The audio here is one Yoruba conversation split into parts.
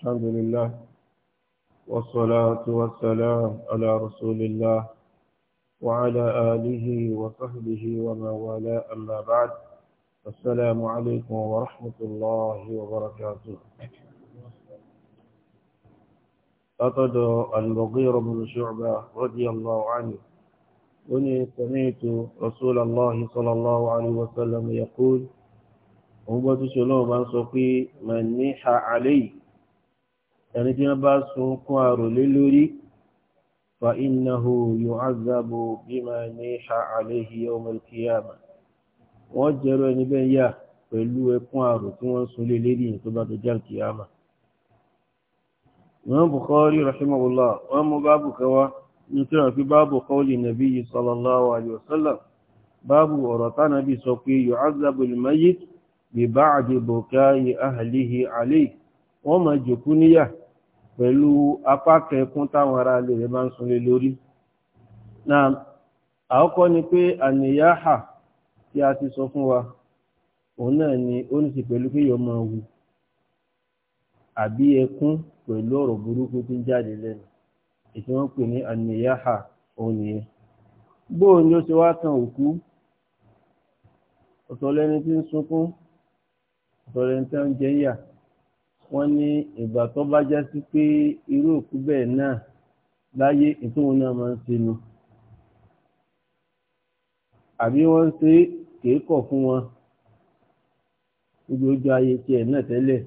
الحمد لله والصلاة والسلام على رسول الله وعلى آله وصحبه وما والاه أما بعد السلام عليكم ورحمة الله وبركاته أطد المغير بن شعبة رضي الله عنه وني سمعت رسول الله صلى الله عليه وسلم يقول أمبت من أنصقي من نيح علي ẹni tí wọ́n bá sunkún àròlé lórí fa innahu yu'azzabu bima niha alayhi yawm al-qiyamah wọ́n jẹ́rọ ẹni bẹ́ẹ̀ yà pẹ̀lú ẹkún àrò tí wọ́n sun lé lérí yìí tó bá tó jẹ́ kìyàmà. Imam Bukhari rahimahullah wọ́n mú báàbù kẹwa ní tí wọ́n fi báàbù qawli nabiyyi sallallahu alayhi wa sallam báàbù ọ̀rọ̀ tá nàbí sọ pé yu'azzabu al-mayyit bi ba'di bukai ahlihi alayhi wọ́n máa jòkú níyà pẹ̀lú apá kẹkún táwọn ará ilé rẹ̀ bá ń sunlé lórí. náà àkọ́kọ́ ni pé àníyáhà tí a ti sọ fún wa òun náà ni ó ní sí pẹ̀lú kéèyàn máa wù àbí ẹkún pẹ̀lú ọ̀rọ̀ burúkú tí ń jáde lẹ́nu ètò wọn pè ní àníyáhà òun nìyẹn. bóò ni ó ṣe wá kan òkú ọ̀tọ̀ lẹni tí ń sunkún ọ̀tọ̀ lẹni tí ń jẹ́yà wọ́n ní ìgbà tó bá já sí pé irú òkú bẹ́ẹ̀ náà láyé ìtòun náà máa ń ṣe nu àbí wọ́n ń ṣe kéékọ̀ fún wọn gbogbo ayé tiẹ̀ náà tẹ́lẹ̀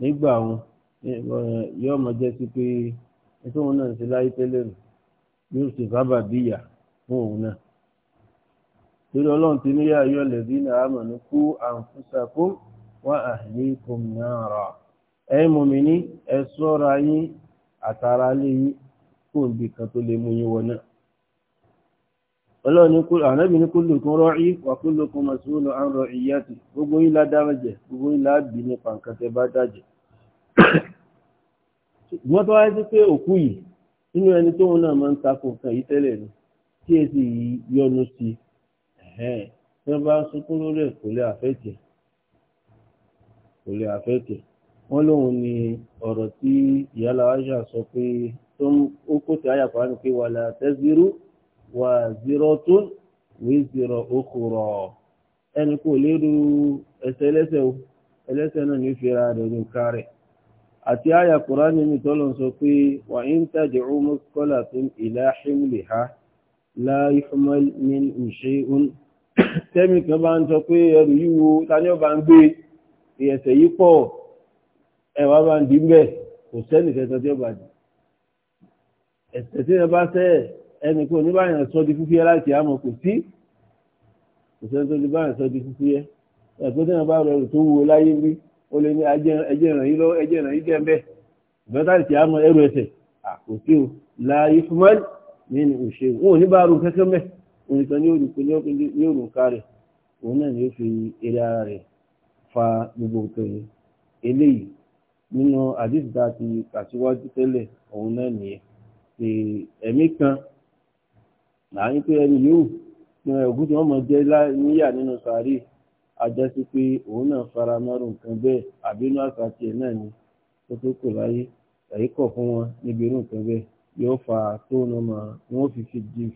nígbà wọn yóò máa jẹ́ sí pé ìtòun náà ń ṣe láyé tẹ́lẹ̀ nù yóò sì sábà bíyà fún òun náà torí ọlọ́run ti níyà yọ̀lẹ̀ bí nàá mọ̀ ní kú àǹfùsàkó wa ahlikum nara ẹ̀yin mùmíní ẹ ṣọ́ra yín àtàrà lé yín kó n bì kan tó lè mú yín wọnà. ọlọ́run ní kúlù ànábì ní kúlù kún rọ́ọ̀í wà kúlù kún mọ̀sùlùmí à ń rọ ìyàtì gbogbo yín ládàmẹ̀jẹ̀ gbogbo yín láàbì nípa nǹkan tẹ bá dàjẹ́. ṣùgbọ́n tó wáyé sí pé òkú yìí nínú ẹni tóun náà máa ń takò nǹkan yìí tẹ́lẹ̀ ni tí èsì yìí yọnu sí i tí wọ́n bá sunkún lórí ẹ̀kọ́ lé àfẹ́tì ẹ̀ kò lè àfẹ́kẹ̀ wọ́n lóun ni ọ̀rọ̀ tí ìyálà aisha sọ pé tó ń kó tí àyà kan ní pé wà lá tẹ́sírú wà zírọ́ tó wí zírọ́ okòrọ̀ ẹni kò lérú ẹsẹ̀ ẹlẹ́sẹ̀ o ẹlẹ́sẹ̀ náà ní fi ra rẹ̀ ní kárẹ̀ àti àyà kùránì mi tọ́lọ̀ sọ pé wà ń tàjẹ̀ ọmọ kọ́là tó ń ìlà ṣímìlì ha láì fúnmọ́ ní ìṣe tẹ́mì kan bá ń sọ pé ẹrù yíwo ta ni ó bá ń gbé e ìyẹ̀sẹ̀ yìí pọ̀ ẹ̀wà bá ń dì mbẹ̀ kò sẹ́ni kẹta tí ó bàjẹ́ ẹ̀sẹ̀ tí ẹ bá sẹ́ ẹnì kò ní báyìí sọ di fúfúyẹ́ láti àmọ́ kò sí kò sẹ́ni tó ní báyìí sọ di fúfúyẹ́ ẹ̀kọ́ tí ẹ bá rẹ̀ tó wúwo láyé rí ó lè ní ẹjẹ́ ràn yín lọ́wọ́ ẹjẹ́ ràn yín jẹ́ mbẹ́ ìbẹ́ta ti àmọ́ ẹrù ẹ̀sẹ̀ àkókò láyé fúnmọ́lì nínú òṣè wọn ò ní bá rún kẹ́kẹ́ mẹ́ òun nìkan ní òrùn ká òun náà ni ó fi eré ara rẹ̀ fa gbogbo nǹkan yìí eléyìí nínú àdìsídá ti kàṣíwájú tẹ́lẹ̀ òun náà nìyẹn pé ẹ̀mí kan láàrin pé ẹni yóò ìran ẹ̀gún tí wọ́n mọ̀ jẹ́ níyà nínú sàárè ajásí pé òun náà fara mọ́rùn nǹkan bẹ́ẹ̀ àbínú àṣà tiẹ̀ náà ni tó tó kò fún wọn níbi irú nǹkan bẹ́ẹ̀ yóò fa tó wọn fi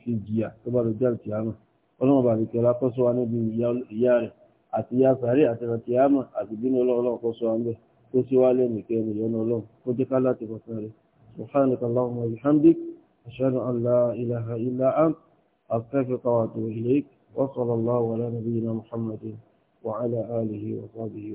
fi jìyà tó bá lọ náà àti ya sàárè àti ràtí àmà àti bínú ọlọ́run kó sọ àwọn bẹ́ẹ̀ tó sì wá lẹ́nu kẹrin ìyọnu ọlọ́run kó jẹ́ ká láti fọ́sán rẹ̀ subhanaka allahumma wa bihamdik ashhadu an la ilaha illa ant astaghfiruka wa atubu ilayk wa sallallahu ala nabiyyina muhammadin wa ala alihi